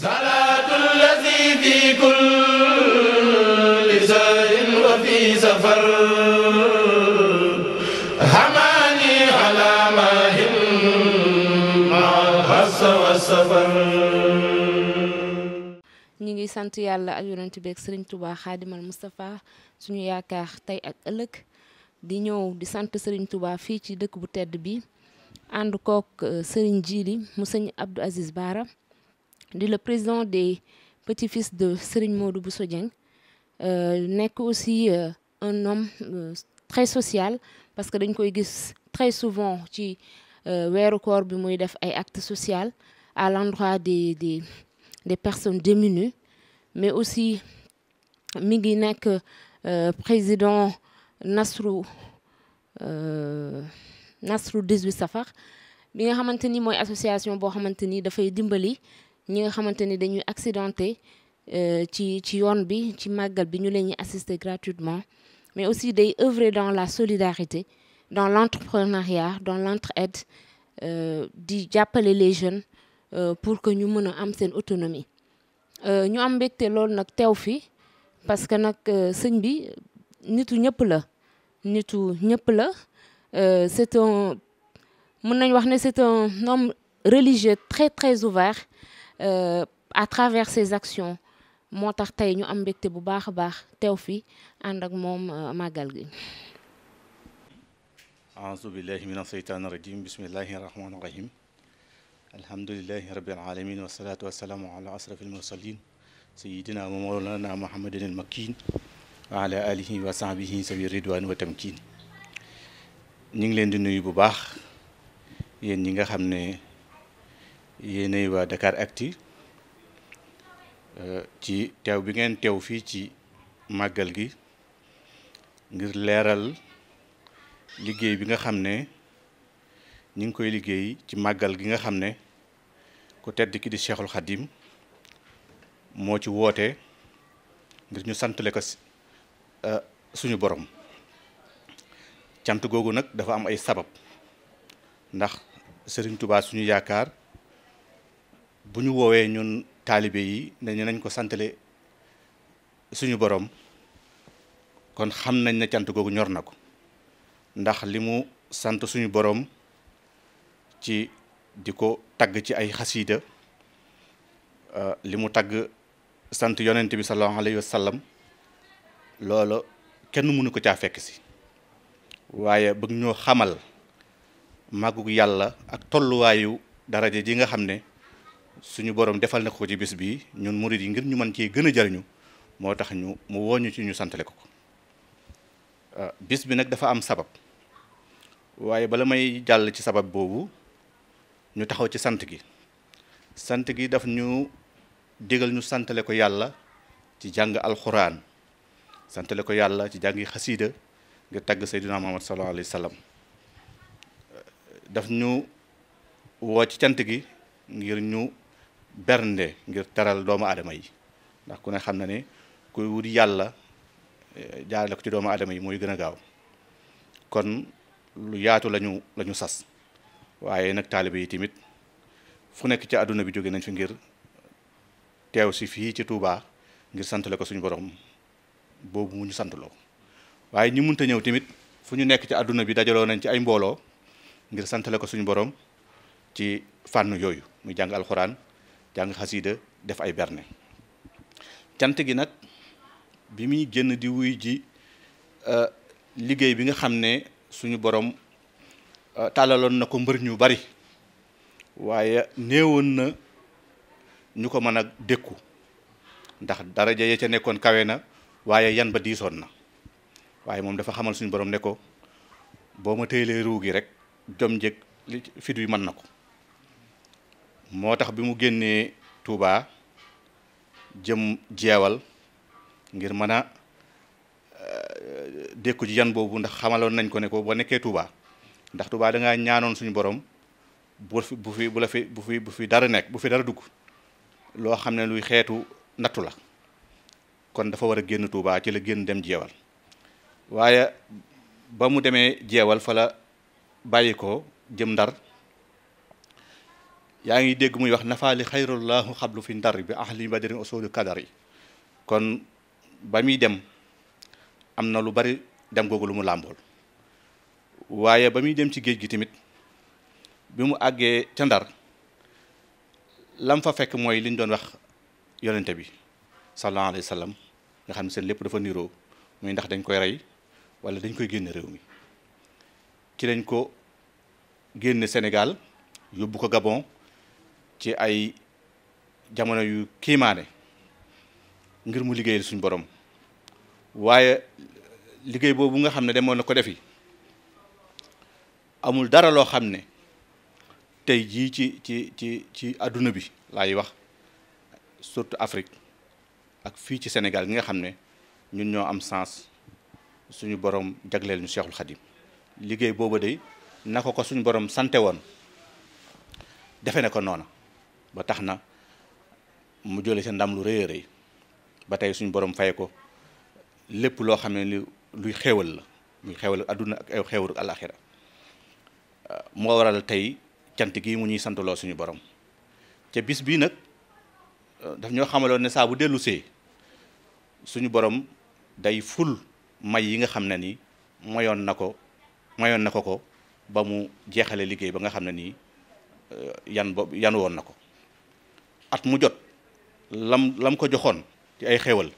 ñu ngi sant yàlla ak yonent bi ak sëriñ Touba xaadimal Moustapha suñu yaakaar tey ak ëlëg di ñëw di sant sëriñ Touba fii ci dëkk bu tedd bi ànd kook euh, sëriñ Jili mu sëñ Abdou Aziz Baara de le président des petits-fils de Serigne Modou Bousso Dieng est euh, aussi euh, un homme euh, très social parce que nous koy très souvent ci weeru koor bi def actes sociaux à l'endroit des des des personnes démunies mais aussi il est le président Nasrou Nasrou 18 Safar bi nga xamante a association qui a ni ñi nga xamante ni dañuy accidenté euh, ci ci yoon bi ci màggal bi ñu leen ñuy assister gratuitement mais aussi day œuvrer dans la solidarité dans l'entrepreneuriat dans l'entraide euh, di jàppale les jeunes euh, pour que ñu mën a am seen autonomie ñu am mbégte loolu nag teew fi parce que nag sëñ bi nitu ñëpp la nitu ñëpp la c'est un mën nañ wax ne c'est un homme religieux très très ouvert Euh, à travers ses actions moo tax tey ñu am mbégte bu baax baax tew fi ànd ak mom euh, magal gi أعوذ بالله من الشيطان الرجيم بسم الله الرحمن الرحيم الحمد لله رب العالمين والصلاة والسلام على أشرف المرسلين سيدنا ومولانا محمد المكين وعلى آله وصحبه سبي الرضوان والتمكين ñu ngi leen di nuyu bu baax yéen ñi nga xam yéenay waa Dakaractu euh, ci teew bi ngeen teew fii ci màggal gi ngir leeral liggéey bi nga xam ne ñu ngi koy liggéey ci màggal gi nga xam ne ku tedd ki di Cheikhul Khadim moo ci woote ngir ñu santale ko euh, suñu boroom cant googu nag dafa am ay sabab ndax sëriñ Touba suñu yaakaar buñu wowe ñun talibé yi nañu nañ ko santalé suñu borom kon xam nañ ne cant googu ñor nako ndax limu mu sant suñu borom ci diko ko ci ay khasida euh limu tag sant yonnent bi sallallahu alayhi wasallam lolo kenn mënu ko caa fekk si waye bëgg ñoo xamal magu yalla ak wayu daraja ji nga xamne suñu borom defal na ko ci bis bi ñun mouride yi ngir ñu man ci gëna a jariñu tax ñu mu woñu ci ñu santalé ko ah, bis bi nak dafa am sabab waye bala may jall ci sabab bobu ñu taxaw ci sante gi sante gi daf ñu digal ñu santalé ko yalla ci jang alquran santalé ko yalla ci jang khasida nga tag sayyidina muhammad sallallahu alaihi wasallam ah, daf ñu wo ci sante gi ngir ñu bernde ngir teral doomu aadama yi ndax ku ne xam na ne kuy wut yàlla eh, jaarale ko ci doomu aadama yi mooy gën a gaaw kon lu yaatu lañu la ñu sas waaye nag taalibe yi tamit fu nekk ci àdduna bi jóge nañ fi ngir teew si fii ci Touba ngir santale ko suñu borom boobu mu ñu waaye ñi munta ñëw tamit fu ñu nekk ci àdduna bi dajaloo nañ ci ay mbooloo ngir santale ko suñu borom ci fànn yooyu muy jàng alxuraan jàng xasida def ay berne cant gi nag bi muy génn di wuy ji euh, liggéey bi nga xam ne suñu borom euh, tàllaloon na ko mbër ñu bari waaye néewoon na ñu ko mën a dékku ndax daraja ya ca nekkoon kawe na waaye yan ba diisoon na waaye moom dafa xamal suñu borom ne ko boo ma téyelee ruu gi rek jom njëg li fit wi mën na ko moo tax bi mu génnee Touba jëm jeewal ngir mën a euh, dékku ci yan boobu ndax xamaloon nañ ko ne ko ba nekkee Touba ndax Touba da ñaanoon suñu borom bu fi bu fi bu fi dara nekk bu fi dara dugg loo xam ne luy xeetu nattu la kon dafa war a génn Touba ci la génn dem jeewal waaye ba mu demee jeewal fa la bàyyi ko jëm ndar yaa ngi dégg muy wax nafaali xayrullahu xablu fi ndar bi ahli badrin usulu kadari kon ba muy dem am na lu bari dem googu lu mu làmbool waaye ba muy dem ci géej gi tamit bi mu àggee ca ndar lam fa fekk mooy liñ doon wax yonente bi sallallahu alayhi wa sallam nga xam ne seen lépp dafa niroo muy ndax dañ koy rey wala dañ koy génne réew mi ci lañ ko génne Sénégal yóbbu ko Gabon ci ay jamono yu kiimaane ngir mu liggéeyal suñ borom waaye liggéey boobu nga xam ne demoon na ko defi amul dara loo xam ne tey jii ci ci ci ci adduna bi laay wax surtout Afrique ak fii ci Sénégal gi nga xam ne ñun ñoo am sens suñu boroom jagleel ñu Cheikhul Khadim liggéey boobu de naka ko suñu boroom sante woon defe ne ko noona ba tax na mu jële sa ndam lu rëy a rëy ba tey suñu borom fay ko lépp loo xam ne ni luy xéewal la muy xéewal adduna ak ay xéewal alaxira moo waral tey cant gi mu ñuy santaloo suñu borom ca bis bii nag daf ñoo xamaloon ne saa bu dellusee suñu borom day ful may yi nga xam ne ni mayoon na ko mayoon na ko ko ba mu jeexale liggéey ba nga xam ne nii yan bo yan woon na ko at mu jot lam lam ko joxoon ci ay xéewal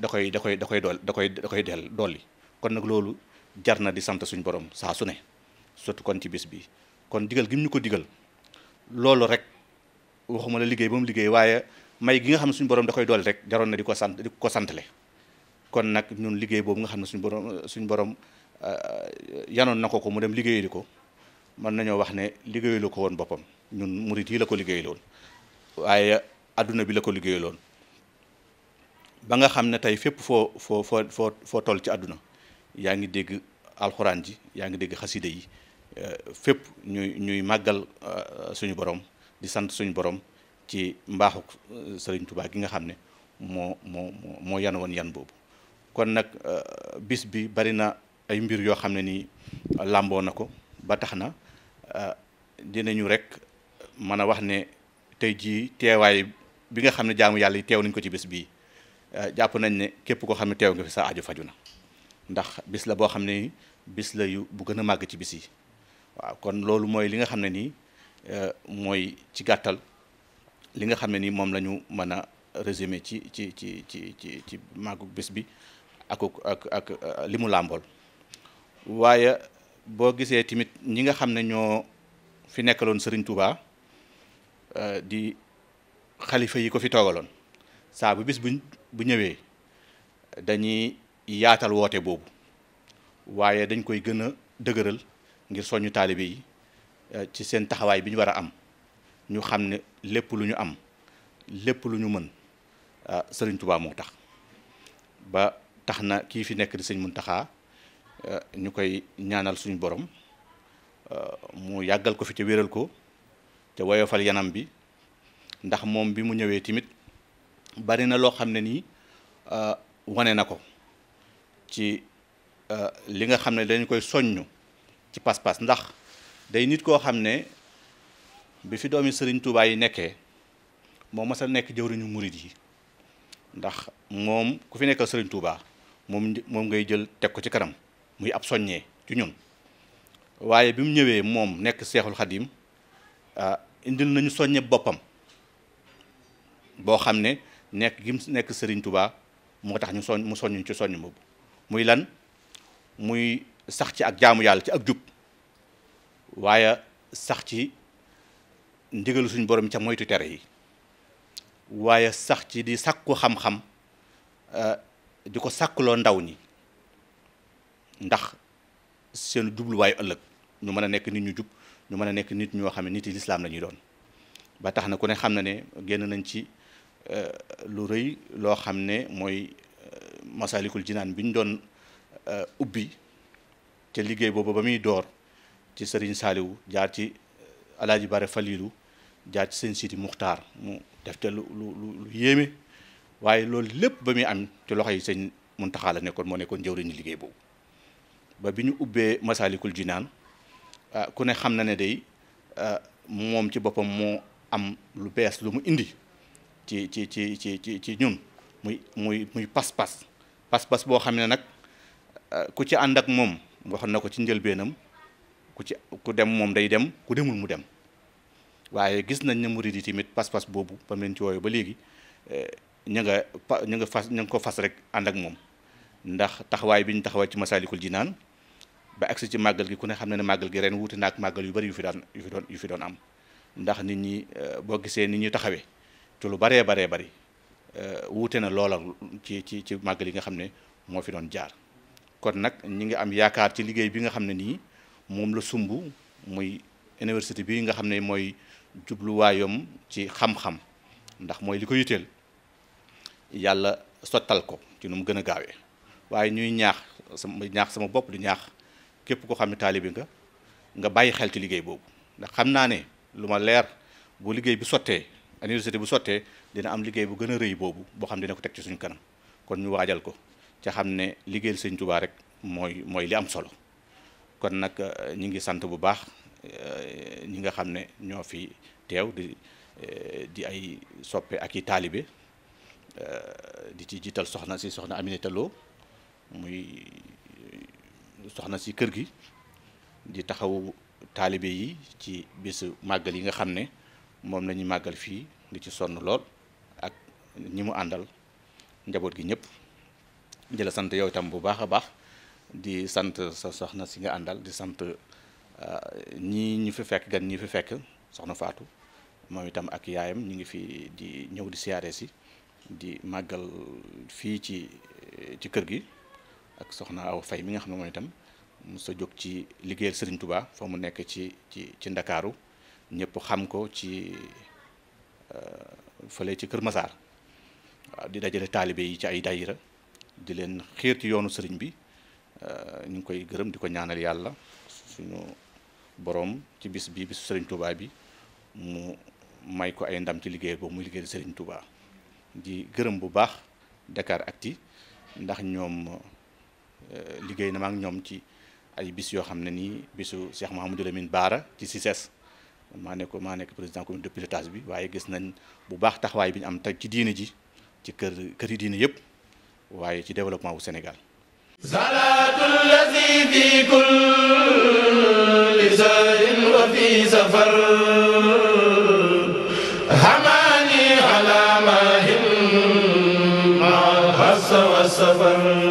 da koy da koy da koy dool da koy da koy del dolli kon nag loolu jar na di sant suñ borom saa su ne surtout kon ci bis bi kon digal gi mu ñu ko digal loolu rek waxuma la liggéey ba mu liggéey waaye may gi nga xam ne suñu borom da koy dool rek jaroon na di ko sant di ko santale kon nag ñun liggéey boobu nga xam ne suñu borom suñu borom euh, yanoon na ko ko mu dem liggéeyali ko mën nañoo wax ne liggéeyalu ko woon boppam ñun murit yi la ko liggéey liggéeyaloon waaye àdduna bi la ko liggéeyaloon ba nga xam ne tey fépp foo foo foo foo toll ci àdduna yaa ngi dégg alxuraan ji yaa ngi dégg xaside yi euh, fépp ñuy ñuy màggal euh, suñu borom di sant suñu borom ci mbaaxu euh, sëriñ tubaa gi nga xam ne moo moo moo yan woon yan boobu kon nag bis bi bari na ay mbir yoo xam ne nii làmboo na ko ba tax na dinañu rekk mën a wax ne tey jii teewaay bi nga xam ne jaamu yàlla yi teew nañ ko ci bis bii eh, jàpp nañ ne képp koo xam ne nga fi sa aju fajuna ndax bis la boo xam bis la yu bu ci kon loolu moy li nga xam ne nii eh, mooy ci gàttal li nga xam ne nii moom la ñu mën a résumé ci ci ci ci ci ci màggu bis bi ak ak ak eh, limu lambol làmbool waaye boo gisee ñi nga xam ne fi nekkaloon Serigne Touba Euh, di xalifa yi ko fi toogaloon saa bu bis bu bu ñëwee dañuy yaatal woote boobu waaye dañ koy gën a dëgëral ngir soññu taalibe yi euh, ci seen taxawaay bi ñu war a am ñu xam ne lépp lu ñu am lépp lu ñu mën euh, sëriñ Tuubaa moo tax ba tax na kii fi nekk di mun Muntaxa ñu koy ñaanal suñu borom mu yàggal ko fi te wéral ko te woyofal yanam bi ndax moom bi mu ñëwee tamit bari na loo xam ne nii euh, wane na ko ci euh, li nga xam ne dañ koy soññu ci pas-pas ndax day nit koo xam ne bi fi doomi sëriñ Tuubaa yi nekkee moo mas a nekk jëwriñu murit yi ndax moom ku fi nekkal sëriñ Tuubaa moom moom ngay jël teg ko ci kanam muy ab soññee ci ñun waaye bi mu ñëwee moom nekk seexul xadim euh, indil nañu soññe boppam boo xam ne nekk gi mu nekk sëriñ tubaa moo tax ñu soñ mu soññ ci soññ boobu muy lan muy sax ci ak jaamu yàlla ci ak jub waaye sax ci ndigalu suñu borom ca moytu tere yi waaye sax ci di sàkku xam-xam eh, di ko sàkkuloo ndaw ni ndax seen jubluwaayu ëllëg ñu mën a nekk nit ñu jub ñu mën a nekk nit ñoo xam ne nit yi lislaam la ñuy doon ba tax na ku ne xam na ne génn nañ ci euh, lu rëy loo xam ne mooy euh, masalikul jinaan bi ñu doon euh, ubbi te liggéey boobu ba muy door ci sëriñ saaliwu jaar ci alaaj alaaji bare falilu jaar ci sëñ sidi muxtaar mu def te lu lu lu yéeme waaye loolu lépp ba muy am ci loxo yi sëñ muntaxa la nekkoon moo nekkoon jëwriñu liggéey boobu ba bi ñu ubbee masalikul jinaan Euh, ku ne xam na ne day euh, moom ci boppam mu am lu bees lu mu indi ci ci ci ci ci ci ñun muy muy muy pas-pas pas-pas boo xam ne nag euh, ku ci ànd ak moom waxoon na ko ci njëlbeenam ku ci ku dem moom day dem ku demul mu dem waaye gis nañ ne murid yi tamit pas-pas boobu ba mu leen ci wooyu ba léegi ña nga pa ña nga fas ña nga ko fas rek ànd ak moom ndax taxawaay bi ñu taxawaay ci Masaalikul naan ba agsi ci màggal gi ku ne xam ne ne màggal gi ren wuute naag màggal yu bari yu fi daan yu fi doon fi doon am ndax nit ñi euh, boo gisee nit ñi taxawee te lu baree baree bari euh, wuute na loola ci ci ci màggal yi nga xam ne moo fi doon jaar kon nag ñi ngi am yaakaar ci liggéey bi nga xam ne nii moom la sumb muy université bi nga xam ne mooy jubluwaayam ci xam-xam ndax mooy li ko yitteel yàlla sottal ko ci nu mu gën a gaawee waaye ñuy ñaax sama ñaax sama bopp di ñaax képp ko xam ne taalibi nga nga bàyyi xel ci liggéey boobu ndax xam naa ne lu ma leer boo liggéey bi sottee université bu sottee dina am liggéey bu gën a rëy boobu boo xam dina ko teg ci suñu kanam kon ñu waajal ko ca xam ne liggéeyal sëñ Tuubaa rek mooy mooy li am solo kon nag euh, ñi ngi sant bu baax euh, ñi nga xam ne ñoo fi teew di euh, di ay soppe ak i taalibe di ci jiital soxna si soxna Aminata Lo muy soxna si kër gi di taxaw talibé yi ci bésu magal yi nga xamné mom lañu magal fi màggal di ci sonn lool ak ñi mu andal njaboot gi ñëpp di la yow tam bu baaxa baax di sante sa soxna si nga andal di sante ah, ñi ñu fi fekk gan ñi fi fekk soxna fatou moom itam ak yaayam ñi ngi fi di ñëw di siaré si di magal fi ci ci kër gi ak soxna Awa Faye mi nga xam ne moom itam mos a jóg ci liggéeyal sëriñ Touba fa mu nekk ci ci ci Ndakaaru ñëpp xam ko ci euh, fale ci Kër Masaar waaw di dajale taalibe yi ci ay daayira di leen xiir ci yoonu sëriñ bi euh, ñu ngi koy gërëm di ko ñaanal yàlla suñu boroom ci bis bi bisu Serigne Touba bi mu may ko ay ndam ci liggéey boobu muy liggéeyal sëriñ tubaa di gërëm bu baax Dakaractu ndax ñoom. Euh, liggéey na ma ak ñoom ci ay bis yoo xam ne nii bissu Cheikh Mouhamadou Lamine Baara ci CICES maa nekk maa nekk président comité de pilotage bi waaye gis nañ bu baax taxawaay bi ñu am teg ci diine ji ci kër kër yi yépp waaye ci développement wu Sénégal. salaatul lazi fi kulli zarin wa fi safar hamani ala mahim ma al hassa wa safar